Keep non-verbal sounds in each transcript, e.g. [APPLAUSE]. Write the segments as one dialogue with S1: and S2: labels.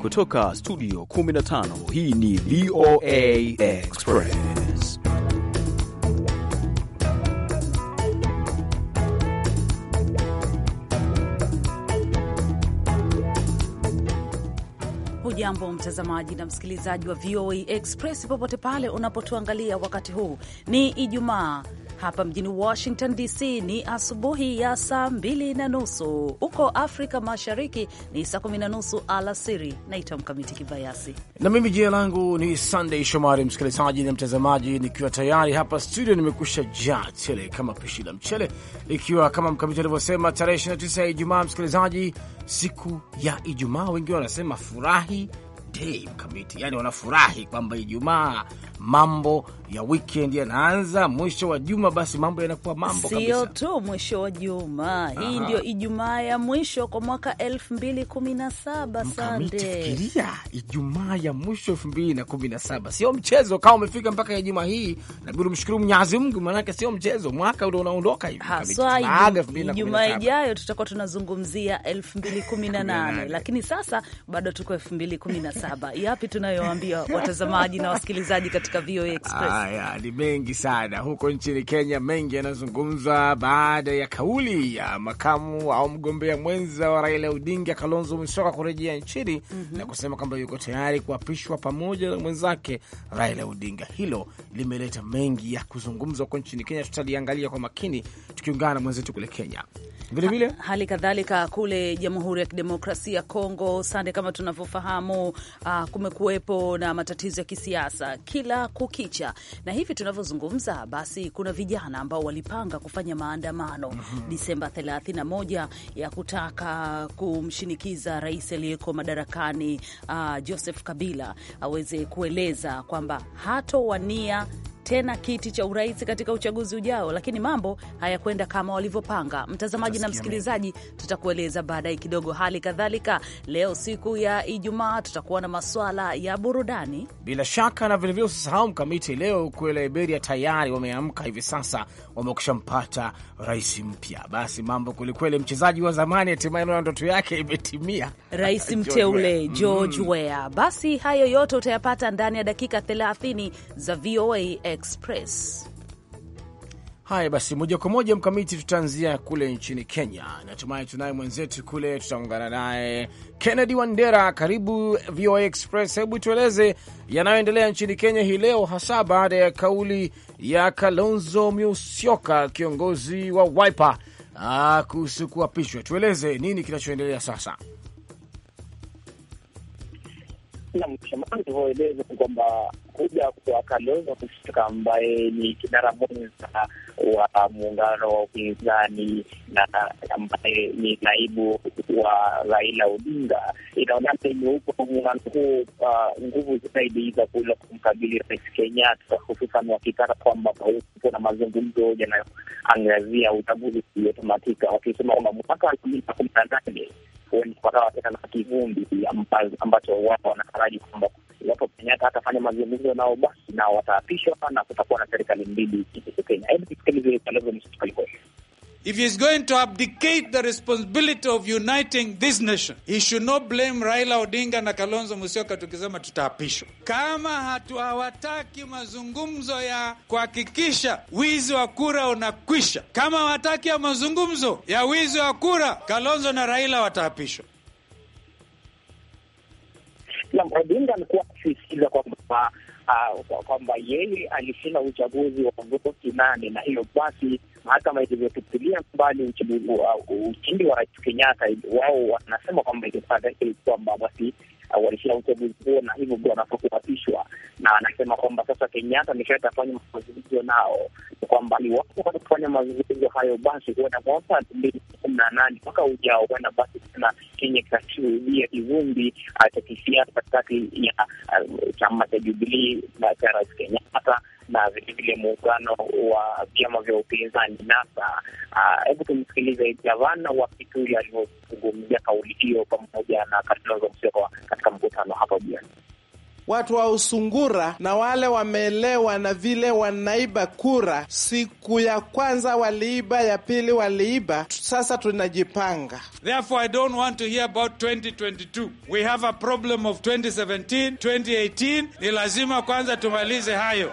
S1: Kutoka studio 15 hii ni VOA Express.
S2: Hujambo mtazamaji na msikilizaji wa VOA Express popote pale unapotuangalia wakati huu, ni Ijumaa hapa mjini Washington DC ni asubuhi ya saa mbili na nusu, huko Afrika Mashariki ni saa kumi na nusu alasiri. Naitwa Mkamiti Kibayasi
S3: na mimi jina langu ni Sandey Shomari, msikilizaji na mtazamaji, nikiwa tayari hapa studio nimekusha jaa tele kama pishi la mchele, ikiwa kama Mkamiti alivyosema tarehe 29 ya Ijumaa, msikilizaji, siku ya Ijumaa, wengiwa wanasema furahi Day, Mkamiti, yani wanafurahi kwamba Ijumaa mambo ya weekend yanaanza mwisho wa juma, basi mambo yanakuwa mambo kabisa. Sio
S2: tu mwisho wa juma, hii ndio Ijumaa ya mwisho kwa mwaka 2017. Fikiria
S3: Ijumaa ya mwisho saba, sio mchezo. Kama umefika mpaka ya juma hii, nabidi umshukuru Mwenyezi Mungu, maanake sio mchezo, mwaka ndo unaondoka hivi. Ijumaa
S2: ijayo tutakuwa tunazungumzia nane lakini sasa bado tuko saba. Yapi tunayoambia watazamaji na wasikilizaji katika katika VOA Express.
S3: Haya ni mengi sana huko nchini Kenya, mengi yanazungumzwa baada ya kauli ya makamu au mgombea mwenza wa Raila Odinga Kalonzo Musyoka kurejea nchini mm -hmm. na kusema kwamba yuko tayari kuapishwa pamoja na mwenzake Raila Odinga. Hilo limeleta mengi ya kuzungumzwa huko nchini Kenya, tutaliangalia kwa makini tukiungana na mwenzetu kule Kenya
S2: vilevile ha, hali kadhalika kule Jamhuri ya Kidemokrasia ya Kongo sande, kama tunavyofahamu uh, kumekuwepo na matatizo ya kisiasa kila kukicha, na hivi tunavyozungumza, basi kuna vijana ambao walipanga kufanya maandamano mm -hmm. Disemba 31 ya kutaka kumshinikiza rais aliyeko madarakani uh, Joseph Kabila aweze kueleza kwamba hatowania tena kiti cha urais katika uchaguzi ujao, lakini mambo hayakwenda kama walivyopanga. Mtazamaji na msikilizaji, tutakueleza baadaye kidogo. Hali kadhalika, leo siku ya Ijumaa tutakuwa na maswala ya burudani
S3: bila shaka, na vilevile usisahau mkamiti, leo kule Liberia tayari wameamka hivi sasa, wamekusha mpata rais mpya. Basi mambo kwelikweli, mchezaji wa zamani hatimaye na ndoto yake imetimia, rais [LAUGHS] mteule mm. George Weah.
S2: Basi hayo yote utayapata ndani ya dakika 30 za VOA Express.
S3: Haya basi, moja kwa moja mkamiti, tutaanzia kule nchini Kenya. Natumai tunaye mwenzetu kule, tutaungana naye Kennedy Wandera. Karibu VOA Express. Hebu tueleze yanayoendelea nchini Kenya hii leo, hasa baada ya kauli ya Kalonzo Musyoka, kiongozi wa Wiper ah, kuhusu kuapishwa. Tueleze nini kinachoendelea sasa.
S4: Nam, kama nilivyoeleza kwamba kuja kwa Kalonzo Musyoka ambaye ni kinara mwenza wa muungano wa upinzani na ambaye ni naibu wa Raila Odinga, inaonekana imeupa muungano huu uh, nguvu zaidi za kuweza kumkabili Rais Kenyatta, hususan wakitaka kwamba paupo na mazungumzo yanayoangazia uchaguzi uliotamatika, wakisema kwamba mwaka elfu mbili na kumi na nane huenda tena na kivumbi ambacho wao wanataraji kwamba iwapo Kenyatta atafanya mazungumzo nao, basi nao wataapishwa na kutakuwa na serikali mbili nchini Kenya. Hebu tusikilize Kalonzo Musyoka.
S1: If he is going to abdicate the responsibility of uniting this nation, he should not blame Raila Odinga na Kalonzo Musyoka tukisema tutaapishwa. Kama hatu hawataki mazungumzo ya kuhakikisha wizi wa kura unakwisha, kama hawataki ya mazungumzo ya wizi wa kura, Kalonzo na Raila wataapishwa. Odinga
S4: amekuwa akisisitiza kwamba Ah, kwamba yeye alishinda uchaguzi wa Agosti nane na hiyo basi mahakama ilivyotupilia mbali ushindi wa rais Kenyatta, wao wanasema kwamba kwamba basi walishia uchaguzi huo na hivyo ndio wanafaa kuapishwa, na anasema kwamba sasa Kenyatta nishati afanya mazungumzo nao kwamba iwapo watafanya mazungumzo hayo, basi huenda mwaka elfu mbili kumi na nane mwaka ujao, huenda basi tena Kenya kashuhudia kivumbi uh, cha kisiasa katikati ya uh, chama cha Jubilii na cha Rais Kenyatta na vilevile muungano wa vyama vya upinzani NASA. Ah, hebu tumsikilize gavana wa Kitui alivyozungumzia kauli hiyo pamoja na Kalonzo Musyoka katika mkutano hapo jioni.
S3: Watu wa Usungura na wale wameelewa na vile wanaiba kura. Siku ya kwanza waliiba, ya pili waliiba, sasa tunajipanga.
S1: Therefore I don't want to hear about 2022. We have a problem of 2017, 2018. Ni lazima kwanza tumalize hayo.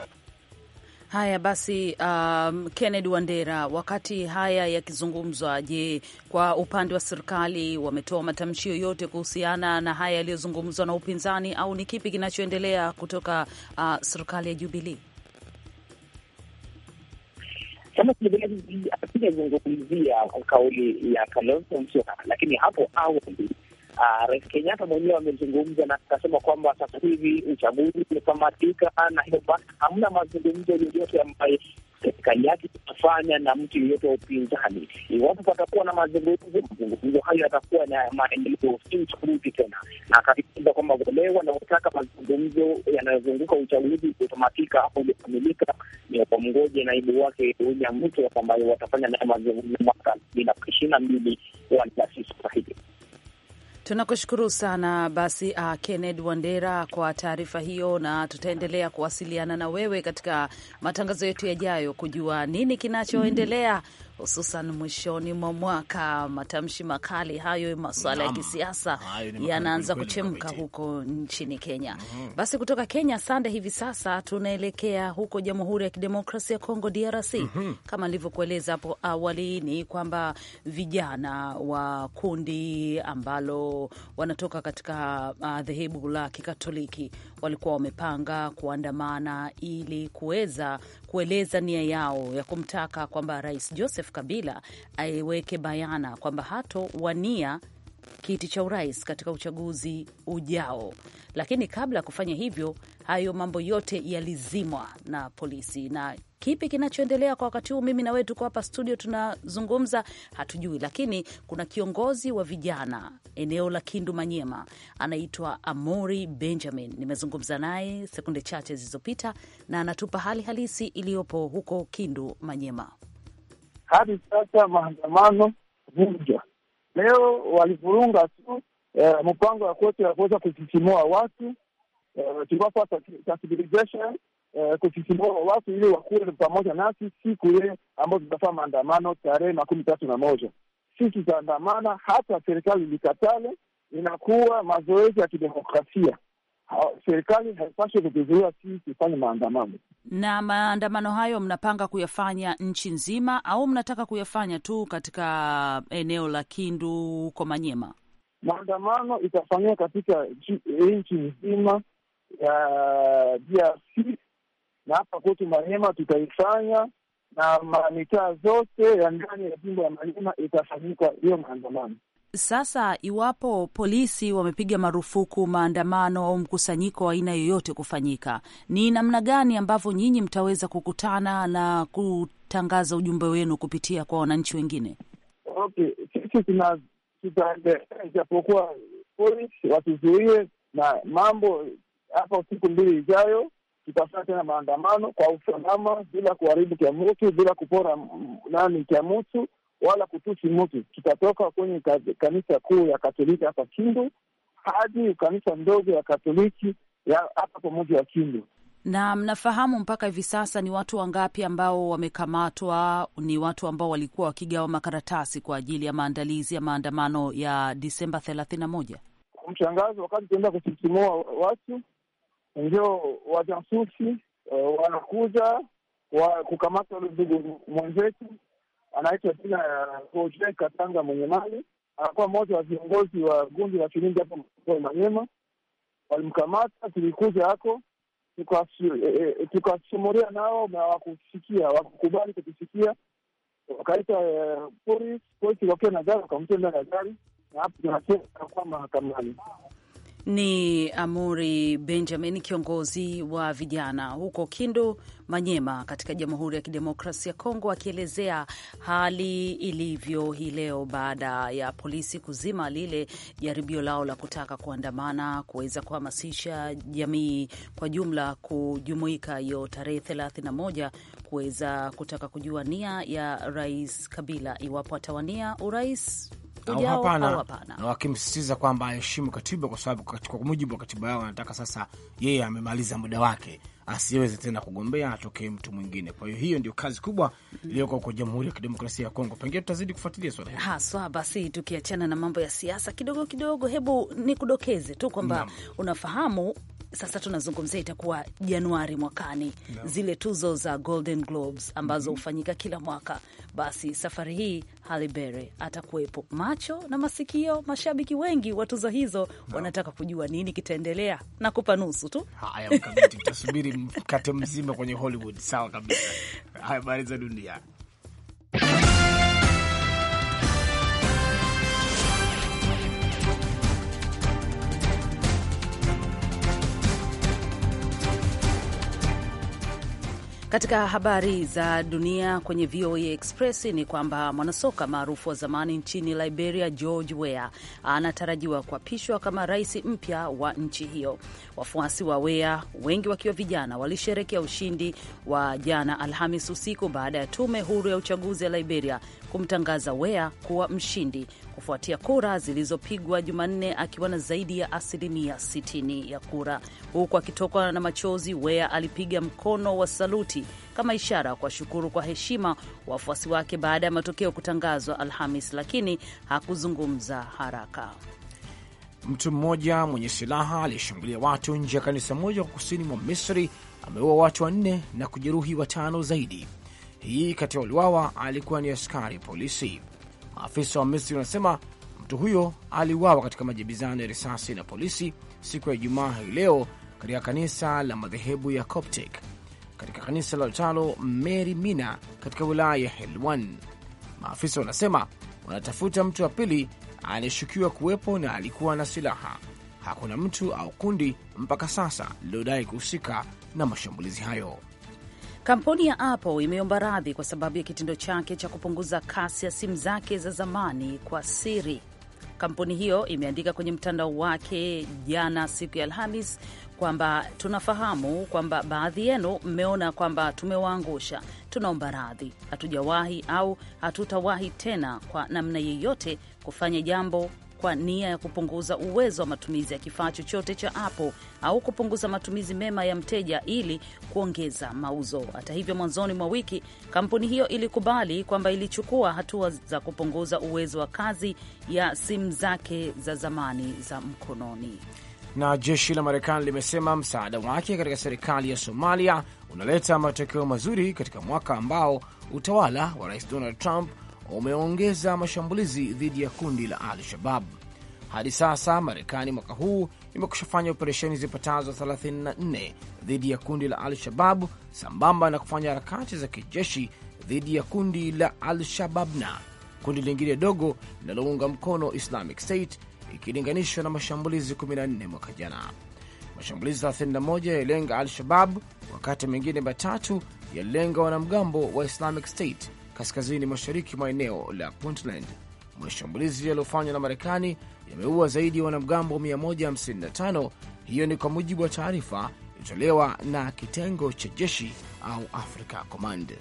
S2: Haya basi, um, Kennedy Wandera, wakati haya yakizungumzwa, je, kwa upande wa serikali wametoa matamshi yoyote kuhusiana na haya yaliyozungumzwa na upinzani au ni kipi kinachoendelea kutoka uh, serikali ya Jubilii?
S4: Kama cha kauli ya Kalonzo Musyoka, lakini hapo awali Uh, Rais Kenyatta mwenyewe amezungumza na akasema kwamba sasa hivi uchaguzi umetamatika na hiyo basi hamna mazungumzo yoyote ambayo serikali yake itafanya na mtu yeyote wa upinzani. Iwapo patakuwa na mazungumzo, mazungumzo hayo yatakuwa na maendeleo, si uchaguzi tena. Na akasisitiza kwamba wale wanaotaka mazungumzo yanayozunguka uchaguzi uliotamatika au uliokamilika ni wamngoje naibu wake William Ruto ambayo watafanya naye mazungumzo mwaka elfu mbili na ishirini na mbili waliasisi sahihi
S2: Tunakushukuru sana basi, uh, Kenneth Wandera kwa taarifa hiyo, na tutaendelea kuwasiliana na wewe katika matangazo yetu yajayo kujua nini kinachoendelea hususan mwishoni mwa mwaka. Matamshi makali hayo, masuala ya kisiasa yanaanza kuchemka huko nchini Kenya. mm -hmm. Basi kutoka Kenya sande, hivi sasa tunaelekea huko Jamhuri ya Kidemokrasia ya Kongo, DRC. mm -hmm. Kama nilivyokueleza hapo awali, ni kwamba vijana wa kundi ambalo wanatoka katika uh, dhehebu uh, la Kikatoliki walikuwa wamepanga kuandamana ili kuweza kueleza nia yao ya kumtaka kwamba Rais Joseph Joseph Kabila aiweke bayana kwamba hato wania kiti cha urais katika uchaguzi ujao. Lakini kabla ya kufanya hivyo, hayo mambo yote yalizimwa na polisi. Na kipi kinachoendelea kwa wakati huu? Mimi na wewe tuko hapa studio tunazungumza, hatujui, lakini kuna kiongozi wa vijana eneo la Kindu Manyema, anaitwa Amori Benjamin. Nimezungumza naye sekunde chache zilizopita, na anatupa hali halisi iliyopo huko Kindu Manyema hadi sasa maandamano
S5: vunja. Leo walivurunga tu eh, mpango wa koti ya kuweza kusisimua watu eh, sensibilization eh, kusisimua watu ili wakuwe pamoja nasi siku ile ambayo tutafaa maandamano tarehe makumi tatu na moja. Si tutaandamana hata serikali likatale inakuwa mazoezi ya kidemokrasia serikali haipashi kutuzuia sisi kufanya maandamano.
S2: Na maandamano hayo mnapanga kuyafanya nchi nzima au mnataka kuyafanya tu katika eneo la Kindu huko Manyema?
S5: Maandamano itafanyika katika nchi nzima ya DRC na hapa kwetu Manyema tutaifanya na mamitaa zote ya ndani ya jimbo ya Manyema itafanyika hiyo maandamano.
S2: Sasa iwapo polisi wamepiga marufuku maandamano au mkusanyiko wa aina yoyote kufanyika, ni namna gani ambavyo nyinyi mtaweza kukutana na kutangaza ujumbe wenu kupitia kwa wananchi wengine?
S5: Okay, sisi tutaendelea, ijapokuwa polisi watuzuie na mambo hapa. Siku mbili ijayo tutafanya tena maandamano kwa usalama, bila kuharibu kiamutu bila kupora mm, nani kiamutu wala kutusi mtu. Tutatoka kwenye kanisa kuu ya Katoliki hapa Kindu hadi kanisa ndogo ya Katoliki ya hapa pamoja wa Kindu.
S2: Na mnafahamu mpaka hivi sasa ni watu wangapi ambao wamekamatwa? Ni watu ambao walikuwa wakigawa makaratasi kwa ajili ya maandalizi ya maandamano ya Disemba thelathini na moja.
S5: Mshangazi, wakati tunaenda kusisimua watu, ndio wajasusi uh, wanakuja wa kukamata ndugu mwenzetu anaitwa jina ya uh, Roger Katanga mwenye mali, anakuwa mmoja wa viongozi wa gundi la Filimbi hapo Manyema. Walimkamata, tulikuja hako tukasumuria eh, eh, eh, nao na wakusikia, wakukubali kutusikia, wakaita polisi, polisi wakiwa na gari wakamtia ndani ya gari, na hapo tunasema mahakamani.
S2: Ni Amuri Benjamin, kiongozi wa vijana huko Kindu Manyema katika Jamhuri ya Kidemokrasia ya Kongo, akielezea hali ilivyo hii leo baada ya polisi kuzima lile jaribio lao la kutaka kuandamana kuweza kuhamasisha jamii kwa jumla kujumuika hiyo tarehe 31 kuweza kutaka kujua nia ya Rais Kabila iwapo atawania urais ujao au hapana,
S3: na wakimsisitiza kwamba aheshimu katiba, kwa sababu kwa mujibu wa katiba yao anataka sasa yeye amemaliza muda wake asiweze tena kugombea, atokee mtu mwingine. Kwa hiyo hiyo ndio kazi kubwa iliyoko
S2: kwa Jamhuri ya Kidemokrasia ya Kongo. Pengine tutazidi kufuatilia swala hili haswa. Basi tukiachana na mambo ya siasa kidogo kidogo, hebu nikudokeze tu kwamba unafahamu sasa tunazungumzia itakuwa Januari mwakani no. zile tuzo za Golden Globes ambazo mhm. hufanyika mm -hmm. kila mwaka. Basi safari hii Halle Berry atakuwepo. Macho na masikio, mashabiki wengi wa tuzo hizo no. wanataka kujua nini kitaendelea. kupa nusu tu. Haya,
S3: mkabiti tutasubiri mkate mzima kwenye Hollywood. Sawa kabisa. Habari za dunia.
S2: Katika habari za dunia kwenye VOA Express ni kwamba mwanasoka maarufu wa zamani nchini Liberia, George Weah anatarajiwa kuapishwa kama rais mpya wa nchi hiyo. Wafuasi wa Weah, wengi wakiwa vijana, walisherekea ushindi wa jana Alhamis usiku baada ya tume huru ya uchaguzi ya Liberia kumtangaza Wea kuwa mshindi kufuatia kura zilizopigwa Jumanne akiwa na zaidi ya asilimia 60 ya kura. Huku akitokwa na machozi, Wea alipiga mkono wa saluti kama ishara kwa shukuru kwa heshima wafuasi wake baada ya matokeo kutangazwa Alhamis, lakini hakuzungumza haraka.
S3: Mtu mmoja mwenye silaha aliyeshambulia watu nje ya kanisa moja kwa kusini mwa Misri ameua watu wanne na kujeruhi watano zaidi hii kati ya uliwawa alikuwa ni askari polisi. Maafisa wa Misri wanasema mtu huyo aliuawa katika majibizano ya risasi na polisi siku ya Ijumaa hii leo katika kanisa la madhehebu ya Coptic katika kanisa la utalo mery Mina katika wilaya ya Helwan. Maafisa wanasema wanatafuta mtu wa pili anayeshukiwa kuwepo na alikuwa na silaha. Hakuna mtu au kundi mpaka sasa lililodai kuhusika na mashambulizi hayo.
S2: Kampuni ya Apple imeomba radhi kwa sababu ya kitendo chake cha kupunguza kasi ya simu zake za zamani kwa siri. Kampuni hiyo imeandika kwenye mtandao wake jana, siku ya Alhamis, kwamba tunafahamu kwamba baadhi yenu mmeona kwamba tumewaangusha. Tunaomba radhi, hatujawahi au hatutawahi tena kwa namna yeyote kufanya jambo kwa nia ya kupunguza uwezo wa matumizi ya kifaa chochote cha Apple au kupunguza matumizi mema ya mteja ili kuongeza mauzo. Hata hivyo, mwanzoni mwa wiki kampuni hiyo ilikubali kwamba ilichukua hatua za kupunguza uwezo wa kazi ya simu zake za zamani za mkononi.
S3: Na jeshi la Marekani limesema msaada wake katika serikali ya Somalia unaleta matokeo mazuri katika mwaka ambao utawala wa Rais Donald Trump umeongeza mashambulizi dhidi ya kundi la Al-Shabab. Hadi sasa Marekani mwaka huu imekusha fanya operesheni zipatazo 34 dhidi ya kundi la Al-Shababu sambamba na kufanya harakati za kijeshi dhidi ya kundi la Al-Shababna, kundi lingine dogo linalounga mkono Islamic State, ikilinganishwa na mashambulizi 14 mwaka jana. Mashambulizi 31 yalilenga Al-Shabab, wakati mengine matatu yalilenga wanamgambo wa Islamic State kaskazini mashariki mwa eneo la Puntland. Mashambulizi yaliyofanywa na Marekani yameua zaidi ya wanamgambo 155. Hiyo ni kwa mujibu wa taarifa iliyotolewa na kitengo cha jeshi au Africa Command.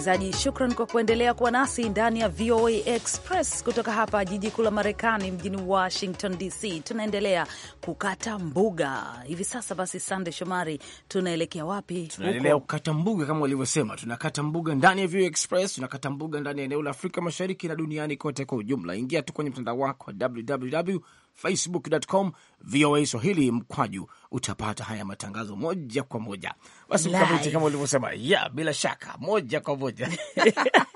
S2: msikilizaji, shukran kwa kuendelea kuwa nasi ndani ya VOA Express kutoka hapa jiji kuu la Marekani, mjini Washington DC. Tunaendelea kukata mbuga hivi sasa. Basi Sande Shomari, tunaelekea wapi? Tunaendelea
S3: kukata mbuga kama walivyosema, tunakata mbuga ndani ya VOA Express, tunakata mbuga ndani ya eneo la Afrika Mashariki na duniani kote kwa ujumla. Ingia tu kwenye mtandao wako www facebook.com VOA Swahili mkwaju utapata haya matangazo moja kwa moja. Basi Mkamiti, kama ulivyosema, ya bila shaka moja kwa moja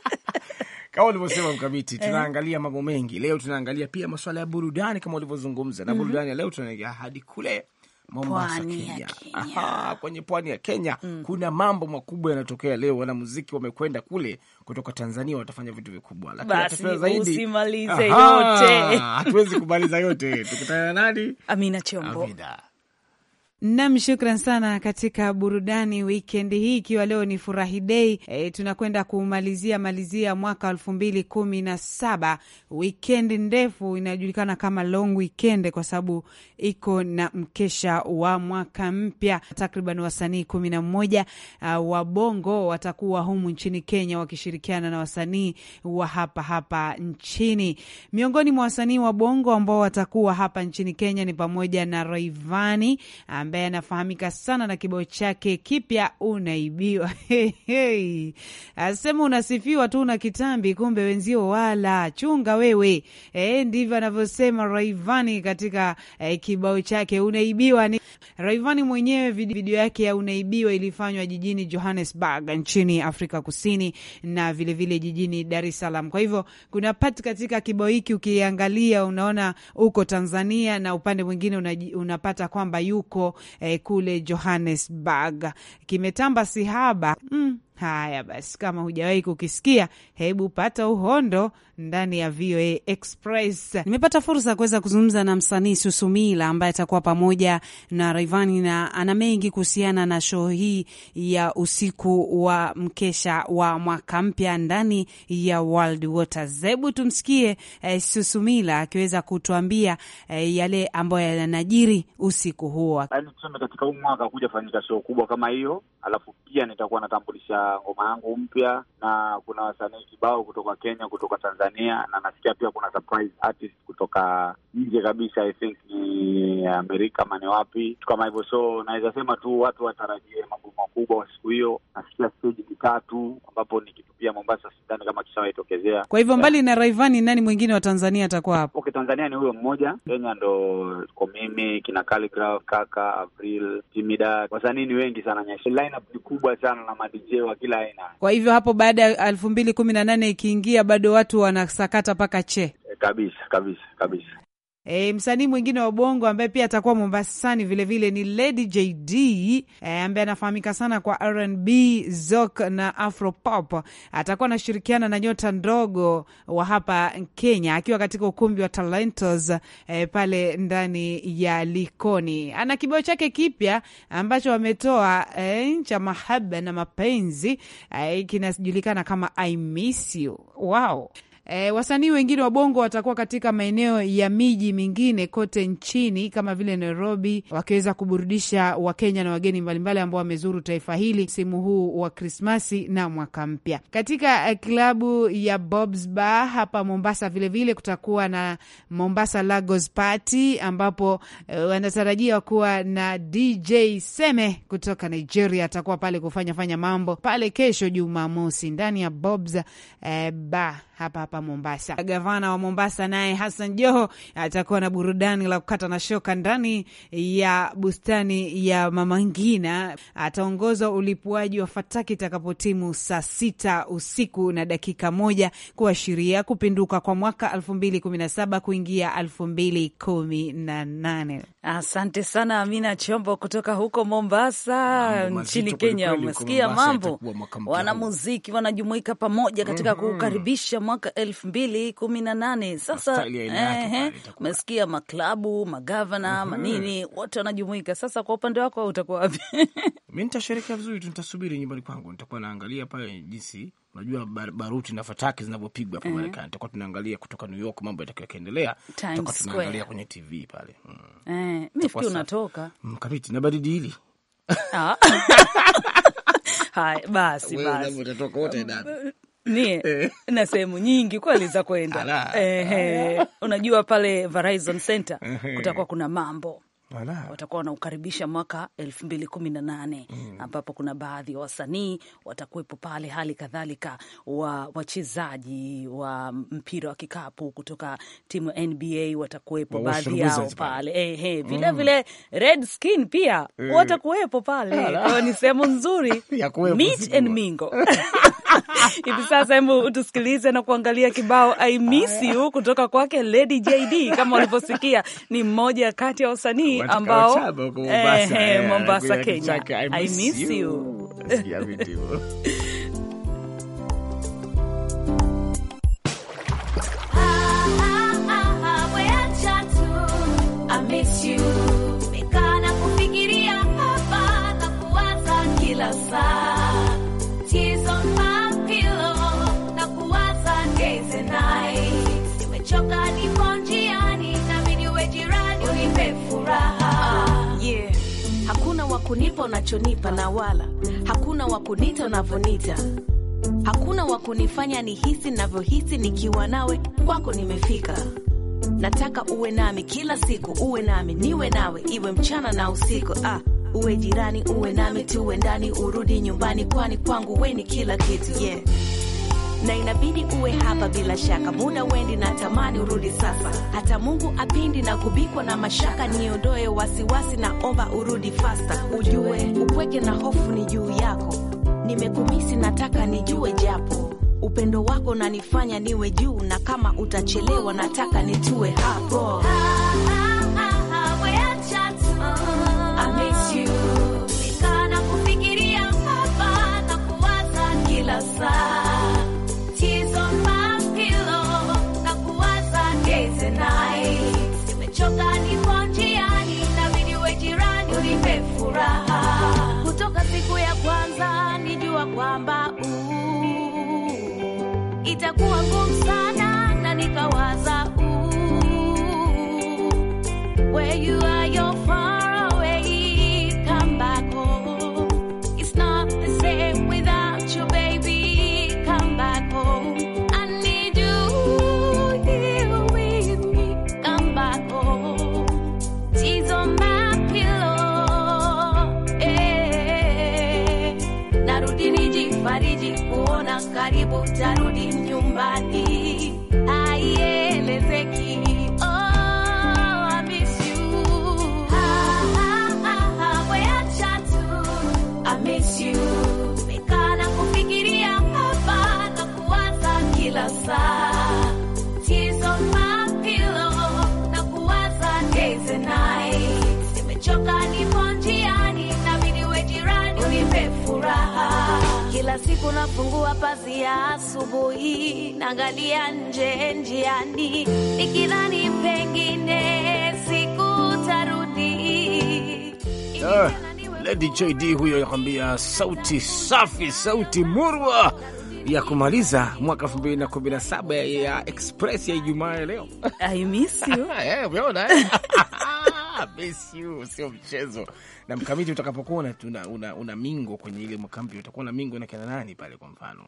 S3: [LAUGHS] kama ulivyosema Mkamiti, eh. tunaangalia mambo mengi leo. Tunaangalia pia masuala ya burudani kama ulivyozungumza na mm -hmm. burudani ya leo tunaangalia hadi kule Mombasa, Kenya. Aha, kwenye pwani ya Kenya mm. Kuna mambo makubwa yanayotokea leo. Wanamuziki wamekwenda kule kutoka Tanzania, watafanya vitu vikubwa, lakini zaidi usimalize yote, hatuwezi
S2: kumaliza yote. Tukutana nani? Amina Chombo, Amida.
S6: Nam, shukran sana. Katika burudani wikendi hii, ikiwa leo ni furahi dei, e, tunakwenda kumalizia malizia mwaka elfu mbili kumi na saba, wikendi ndefu inayojulikana kama long weekend kwa sababu iko na mkesha wa mwaka mpya. Takriban wasanii kumi na mmoja uh, wa bongo watakuwa humu nchini Kenya wakishirikiana na wasanii wa hapa hapa nchini. Miongoni mwa wasanii wa bongo ambao watakuwa hapa nchini Kenya ni pamoja na Raivani ambaye anafahamika sana na kibao chake kipya unaibiwa. [LAUGHS] Hey, hey. Asema unasifiwa tu na kitambi, kumbe wenzio wala chunga wewe. Hey, ndivyo anavyosema Raivani katika eh, kibao chake unaibiwa. Ni Raivani mwenyewe, video yake ya unaibiwa ilifanywa jijini Johannesburg nchini Afrika Kusini na vilevile vile jijini Dar es Salaam. Kwa hivyo kuna pati katika kibao hiki ukiangalia unaona uko Tanzania na upande mwingine unapata kwamba yuko eh, kule Johannesburg kimetamba sihaba mm. Haya basi, kama hujawahi kukisikia, hebu pata uhondo ndani ya VOA Express. Nimepata fursa ya kuweza kuzungumza na msanii Susumila ambaye atakuwa pamoja na Raivani na ana mengi kuhusiana na shoo hii ya usiku wa mkesha wa mwaka mpya ndani ya World Waters. Hebu tumsikie eh, Susumila akiweza kutuambia eh, yale ambayo yanajiri usiku huo. Yaani tuseme katika huu mwaka kuja
S4: fanyika shoo kubwa kama hiyo, alafu pia nitakuwa natambulisha ngoma yangu mpya, na kuna wasanii kibao kutoka Kenya, kutoka Tanzania, na nasikia pia kuna surprise artist kutoka nje kabisa, I think ni Amerika ama ni wapi tu kama hivyo. So naweza sema tu watu watarajie mambo makubwa siku hiyo. Nasikia steji ni tatu, ambapo nikitupia Mombasa sidhani kama kishawaitokezea. Kwa hivyo mbali
S6: yeah, na Raivani, nani mwingine wa Tanzania atakuwa hapo? Okay, Tanzania ni
S4: huyo mmoja, Kenya ndo ko mimi, kina Khaligraph, Kaka Avril, Timida, wasanii ni wengi sana, line ni kubwa sana na wa wa kila aina.
S6: Kwa hivyo hapo baada ya elfu mbili kumi na nane ikiingia bado watu wanasakata mpaka che. Eh,
S4: kabisa kabisa kabisa.
S6: E, msanii mwingine wa bongo ambaye pia atakuwa Mombasani vilevile ni Lady JD e, ambaye anafahamika sana kwa RnB zok na afropop. Atakuwa anashirikiana na nyota ndogo wa hapa Kenya akiwa katika ukumbi wa Talentos e, pale ndani ya Likoni. Ana kibao chake kipya ambacho wametoa e, cha mahaba na mapenzi e, kinajulikana kama I miss you. Wow. E, wasanii wengine wa bongo watakuwa katika maeneo ya miji mingine kote nchini kama vile Nairobi, wakiweza kuburudisha Wakenya na wageni mbalimbali ambao wamezuru taifa hili msimu huu wa Krismasi na mwaka mpya. Katika e, klabu ya Bob's Bar hapa Mombasa vilevile vile kutakuwa na Mombasa Lagos Party ambapo e, wanatarajia kuwa na DJ Seme kutoka Nigeria, atakuwa pale kufanya fanya mambo pale kesho Jumamosi ndani ya Bob's e, Bar hapa hapa hapa Mombasa. Gavana wa Mombasa naye Hassan Joho atakuwa na burudani la kukata na shoka ndani ya bustani ya Mama Ngina. Ataongoza ulipuaji wa fataki itakapotimu saa sita usiku na dakika moja kuashiria kupinduka kwa mwaka 2017 kuingia 2018. kumi na Asante sana Amina Chombo kutoka huko
S2: Mombasa ah, nchini Kenya. Umesikia mambo, wanamuziki wanajumuika pamoja katika mm -hmm. kukaribisha mwaka elfu mbili kumi na nane. Sasa eh, umesikia maklabu magavana mm -hmm. manini wote wanajumuika. Sasa kwa upande wako utakuwa wapi?
S3: [LAUGHS] Mi nitasherekea vizuri tu, nitasubiri nyumbani kwangu, nitakuwa naangalia pale jinsi Unajua bar baruti na fataki zinavyopigwa hapa Marekani. mm. Tutakuwa tunaangalia kutoka New York mambo yatakiwa yakiendelea, tutakuwa tunaangalia kwenye TV pale
S2: mm. Eh, mifikiri unatoka
S3: mm, mkabiti na baridi hili
S2: ah. [LAUGHS] Hai, basi basi, [LAUGHS] nie [LAUGHS] eh, na sehemu nyingi kweli za kwenda eh, unajua pale Verizon Center kutakuwa kuna mambo Watakuwa wanaukaribisha mwaka elfu mbili kumi na nane mm, ambapo kuna baadhi ya wasanii watakuwepo pale, hali kadhalika wa wachezaji wa mpira wa kikapu kutoka timu NBA watakuwepo baadhi yao pale vilevile. Eh, mm, vile pia mm, watakuwepo pale. Ni sehemu nzuri [LAUGHS] meet and mingle [LAUGHS] [LAUGHS] hivi sasa. Hebu tusikilize na kuangalia kibao I miss you kutoka kwake Lady JD. Kama ulivyosikia, ni mmoja kati ya wasanii ambao Mombasa, eh, Mombasa, Kenya. I miss you
S6: [LAUGHS]
S7: kunipa unachonipa na wala hakuna wakunita unavyonita hakuna wakunifanya nihisi navyohisi nikiwa nawe, kwako nimefika. Nataka uwe nami kila siku, uwe nami niwe nawe, iwe mchana na usiku. Ah, uwe jirani uwe nami, tuwe ndani, urudi nyumbani, kwani kwangu we ni kila kitu yeah na inabidi uwe hapa bila shaka, muda wendi na tamani urudi sasa, hata Mungu apindi na kubikwa na mashaka, niondoe wasiwasi na omba urudi fasta, ujue upweke na hofu ni juu yako, nimekumisi nataka nijue japo upendo wako nanifanya niwe juu, na kama utachelewa nataka nitue hapo. ha, ha, ha, ha, imekuwa ngumu sana na nikawaza, where you are fariji kuona karibu tarudi nyumbani, aielezeki oh, I miss you Kila siku nafungua pazia asubuhi, naangalia nje njiani, nikidhani pengine siku tarudi.
S3: Ah, Lady JD huyo yakwambia sauti safi, sauti murwa ya kumaliza mwaka elfu mbili na na kumi saba ya Express ya Ijumaa ya leo. I miss you. [LAUGHS] Ah, umeona eh? [LAUGHS] BCU sio mchezo. Na mkamiti utakapokuwa una, una, una mingo kwenye ile mkambi utakuwa na mingo na kina nani pale kwa mfano?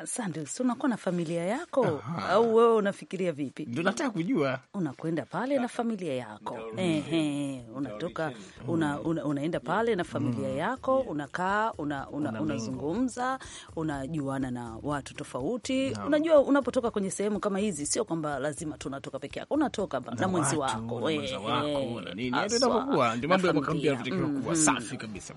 S2: Asante. Ah, unakuwa na familia yako Aha. au wewe unafikiria vipi? Ndio nataka kujua, unakwenda pale na familia yako ehe, unatoka una, una, unaenda pale na familia mm. yako unakaa unazungumza una, una unajuana na watu tofauti no. Unajua, unapotoka kwenye sehemu kama hizi, sio kwamba lazima tunatoka peke yako, unatoka na mwenzi wako mm,
S3: mm. safi kabisa.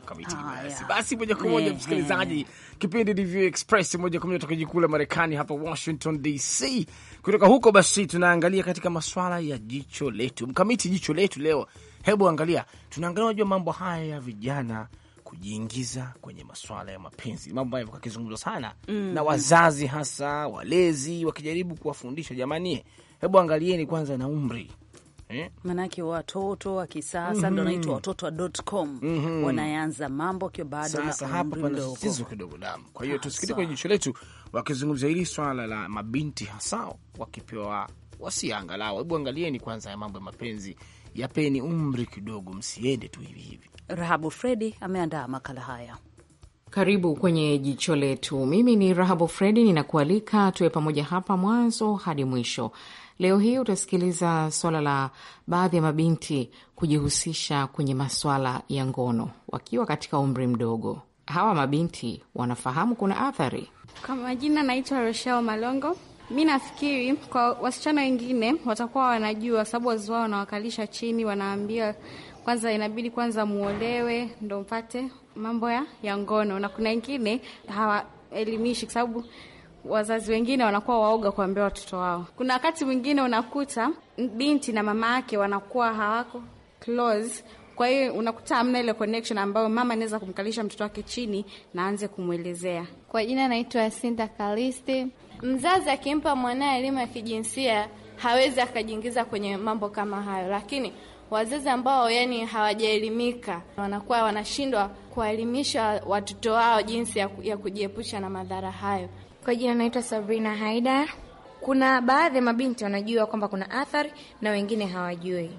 S3: Basi moja kwa moja msikilizaji, kipindi Express moja kwa kumi kutoka jikuu la Marekani hapa Washington DC. Kutoka huko basi, tunaangalia katika maswala ya jicho letu, mkamiti jicho letu leo. Hebu angalia, tunaangalia unajua, mambo haya ya vijana kujiingiza kwenye maswala ya mapenzi, mambo hayo yakizungumzwa sana mm, na wazazi hasa walezi wakijaribu kuwafundisha jamani, hebu angalieni kwanza na umri
S2: Eh? Manake watoto wa kisasa mhm. ndo mm -hmm. naitwa watoto.com mm
S3: -hmm. wanaanza
S2: mambo akiwa bado pana
S3: kidogo damu. Kwa hiyo ah, tusikilize kwenye jicho letu wakizungumzia hili swala la mabinti hasa wakipewa wasia angalau, hebu angalieni kwanza ya
S2: mambo ya mapenzi, yapeni umri kidogo, msiende tu hivi hivi. Rahabu Fredi ameandaa makala haya.
S6: Karibu kwenye jicho letu. Mimi ni Rahabu Fredi, ninakualika tuwe pamoja hapa mwanzo hadi mwisho. Leo hii utasikiliza swala la baadhi ya mabinti kujihusisha kwenye maswala ya ngono wakiwa katika umri mdogo. Hawa mabinti wanafahamu kuna athari.
S8: Kwa majina, naitwa Roshel Malongo. Mi nafikiri kwa wasichana wengine watakuwa wanajua, sababu wazazi wao wanawakalisha chini, wanaambia kwanza inabidi kwanza muolewe ndo mpate mambo ya ngono, na kuna wengine hawaelimishi kwa sababu wazazi wengine wanakuwa waoga kuambia watoto wao. Kuna wakati mwingine unakuta binti na mama yake wanakuwa hawako close, kwa hiyo unakuta hamna ile connection ambayo mama anaweza kumkalisha mtoto wake chini na aanze kumwelezea. Kwa jina naitwa Sinda Kalisti. Mzazi akimpa mwanaye elimu ya kijinsia hawezi akajiingiza kwenye mambo kama hayo, lakini wazazi ambao yani hawajaelimika wanakuwa wanashindwa kuwaelimisha watoto wao jinsi ya kujiepusha na madhara hayo. Kwa jina naitwa Sabrina Haida. Kuna baadhi ya mabinti wanajua kwamba kuna athari na wengine hawajui.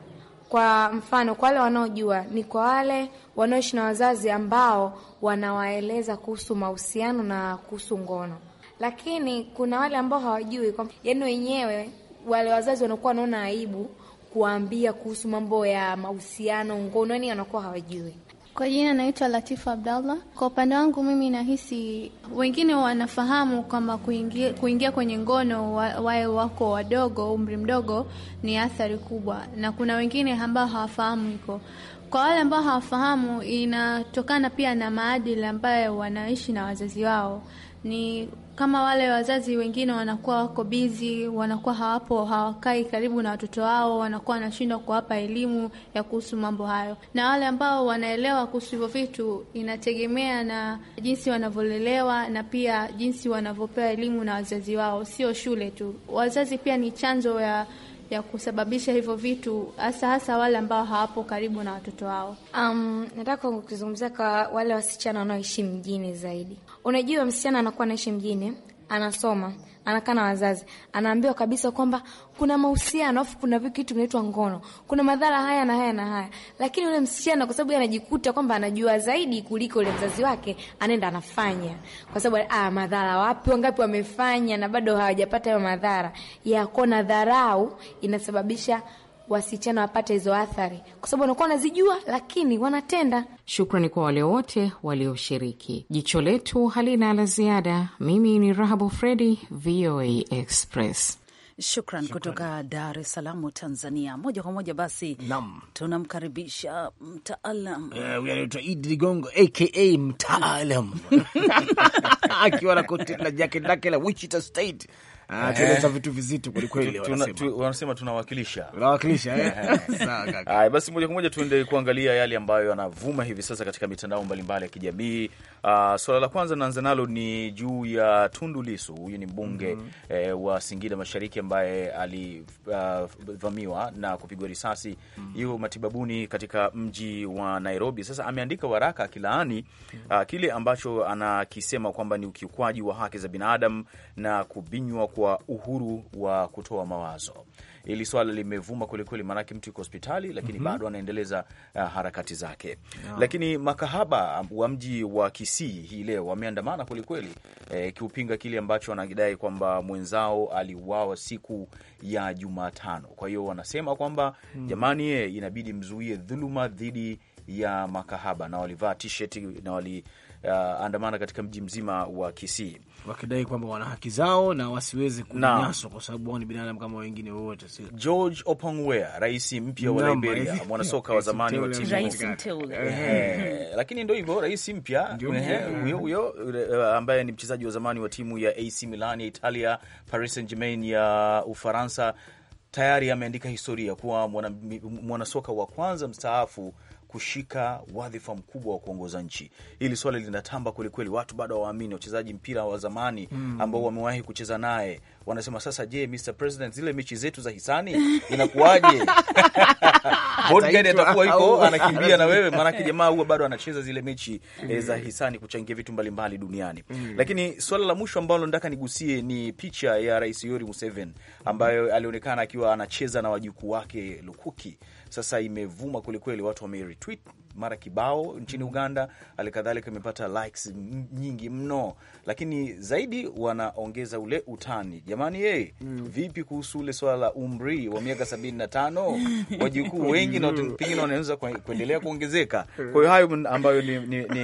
S8: Kwa mfano, kwa wale wanaojua ni kwa wale wanaoishi na wazazi ambao wanawaeleza kuhusu mahusiano na kuhusu ngono, lakini kuna wale ambao hawajui kwamba, yaani wenyewe wale wazazi wanakuwa wanaona aibu kuwaambia kuhusu mambo ya mahusiano, ngono, yani wanakuwa hawajui. Kwa jina naitwa Latifa Abdallah. Kwa upande wangu mimi nahisi wengine wanafahamu kwamba kuingia, kuingia kwenye ngono wa wako wadogo, umri mdogo, ni athari kubwa, na kuna wengine ambao hawafahamu hiko. Kwa wale ambao hawafahamu, inatokana pia na maadili ambayo wanaishi na wazazi wao ni kama wale wazazi wengine wanakuwa wako bizi, wanakuwa hawapo, hawakai karibu na watoto wao, wanakuwa wanashindwa kuwapa elimu ya kuhusu mambo hayo. Na wale ambao wanaelewa kuhusu hivyo vitu, inategemea na jinsi wanavyolelewa na pia jinsi wanavyopewa elimu na wazazi wao, sio shule tu. Wazazi pia ni chanzo ya ya kusababisha hivyo vitu, hasa hasa wale ambao hawapo karibu na watoto wao. Um, nataka kuzungumzia kwa wale wasichana wanaoishi mjini zaidi. Unajua, msichana anakuwa anaishi mjini, anasoma anakaa na wazazi, anaambiwa kabisa kwamba kuna mahusiano afu kuna kitu kinaitwa ngono, kuna madhara haya na haya na haya, lakini yule msichana kwa sababu anajikuta kwamba anajua zaidi kuliko yule mzazi wake, anaenda anafanya, kwa sababu ah, madhara wapi, wangapi wamefanya na bado hawajapata hayo madhara ya kona. Dharau inasababisha wasichana wapate hizo athari, kwa sababu wanakuwa wanazijua lakini wanatenda.
S6: Shukrani kwa wale wote walioshiriki. Jicho letu halina la ziada. Mimi ni Rahabu Fredi, VOA Express.
S2: Shukran, shukran kutoka Dar es Salaam, Tanzania. Moja kwa moja basi tunamkaribisha mtaalam eh, huyu, uh, anaitwa Idi Ligongo aka mtaalam [LAUGHS] akiwa na koti la jaketi lake la Wichita
S3: State Ah, eh. tueleza vitu vizito kwelikweli, wanasema tunawakilisha, unawakilisha. Eh. [LAUGHS] Eh.
S1: [LAUGHS] Haya basi, moja kwa moja tuende kuangalia yale ambayo yanavuma hivi sasa katika mitandao mbalimbali ya kijamii. Uh, swala la kwanza naanza nalo ni juu ya Tundu Lisu. Huyu ni mbunge mm -hmm. eh, wa Singida Mashariki ambaye alivamiwa ah, uh, na kupigwa risasi mm -hmm. yuko matibabuni katika mji wa Nairobi. Sasa ameandika waraka akilaani uh, kile ambacho anakisema kwamba ni ukiukwaji wa haki za binadamu na kubinywa kwa uhuru wa kutoa mawazo. Hili swala limevuma kwelikweli, maanake mtu yuko hospitali lakini mm -hmm. bado anaendeleza uh, harakati zake yeah. Lakini makahaba wa mji wa Kisii hii leo wameandamana kwelikweli eh, kiupinga kile ambacho wanadai kwamba mwenzao aliuawa siku ya Jumatano. Kwa hiyo wanasema kwamba mm. jamani, eh, inabidi mzuie dhuluma dhidi ya makahaba, na walivaa tisheti na waliandamana uh, katika mji mzima wa Kisii
S3: wakidai kwamba wana haki zao na wasiweze kunyanyaswa kwa sababu wao ni binadamu kama wengine wowote.
S1: George Opongwea, rais mpya wa Liberia, mwanasoka wa zamani wa timu eh,
S3: lakini ndio hivyo,
S1: rais mpya huyo huyo eh, ambaye ni mchezaji wa zamani wa timu ya AC Milan ya Italia, Paris Saint-Germain ya Ufaransa, tayari ameandika historia kuwa mwanasoka mwana wa kwanza mstaafu kushika wadhifa mkubwa wa kuongoza nchi. Hili swala linatamba kwelikweli, watu bado hawaamini. Wachezaji mpira wa zamani hmm. ambao wamewahi kucheza naye wanasema sasa, je, Mr President, zile mechi zetu za hisani inakuwaje? [LAUGHS]
S7: atakuwa iko anakimbia na wewe, maanake [LAUGHS]
S1: jamaa huwa bado anacheza zile mechi mm. za hmm. hisani kuchangia vitu mbalimbali duniani mm. Lakini swala la mwisho ambalo nataka nigusie ni picha ya Rais Yoweri Museveni ambayo alionekana akiwa anacheza na wajukuu wake lukuki sasa imevuma kwelikweli, watu wame mara kibao nchini mm-hmm. Uganda, halikadhalika imepata likes nyingi mno, lakini zaidi wanaongeza ule utani. Jamani ye eh, mm. vipi kuhusu ule swala la umri wa miaka sabini na tano [LAUGHS] wajukuu wengi na pengine mm. wanaweza kuendelea kuongezeka. Mm. Kwa hiyo hayo ambayo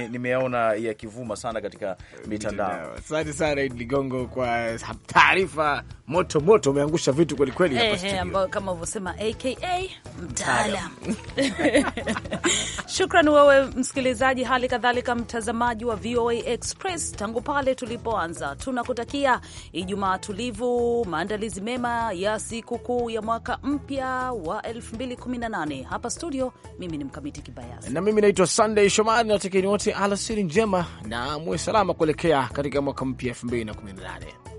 S1: nimeyaona ni, ni, ni yakivuma sana katika mitandao. Asante sana Idi Ligongo kwa
S3: taarifa moto moto, umeangusha vitu kwelikweli
S1: hapa studio
S2: kama ulivyosema aka mtaalam [LAUGHS] Shukran wewe msikilizaji, hali kadhalika mtazamaji wa VOA Express. Tangu pale tulipoanza, tunakutakia Ijumaa tulivu, maandalizi mema ya sikukuu ya mwaka mpya wa 2018. Hapa studio, mimi ni Mkamiti Kibayasi
S3: na mimi naitwa Sunday Shomari, na wote alasiri njema na muwe salama kuelekea katika mwaka mpya 2018.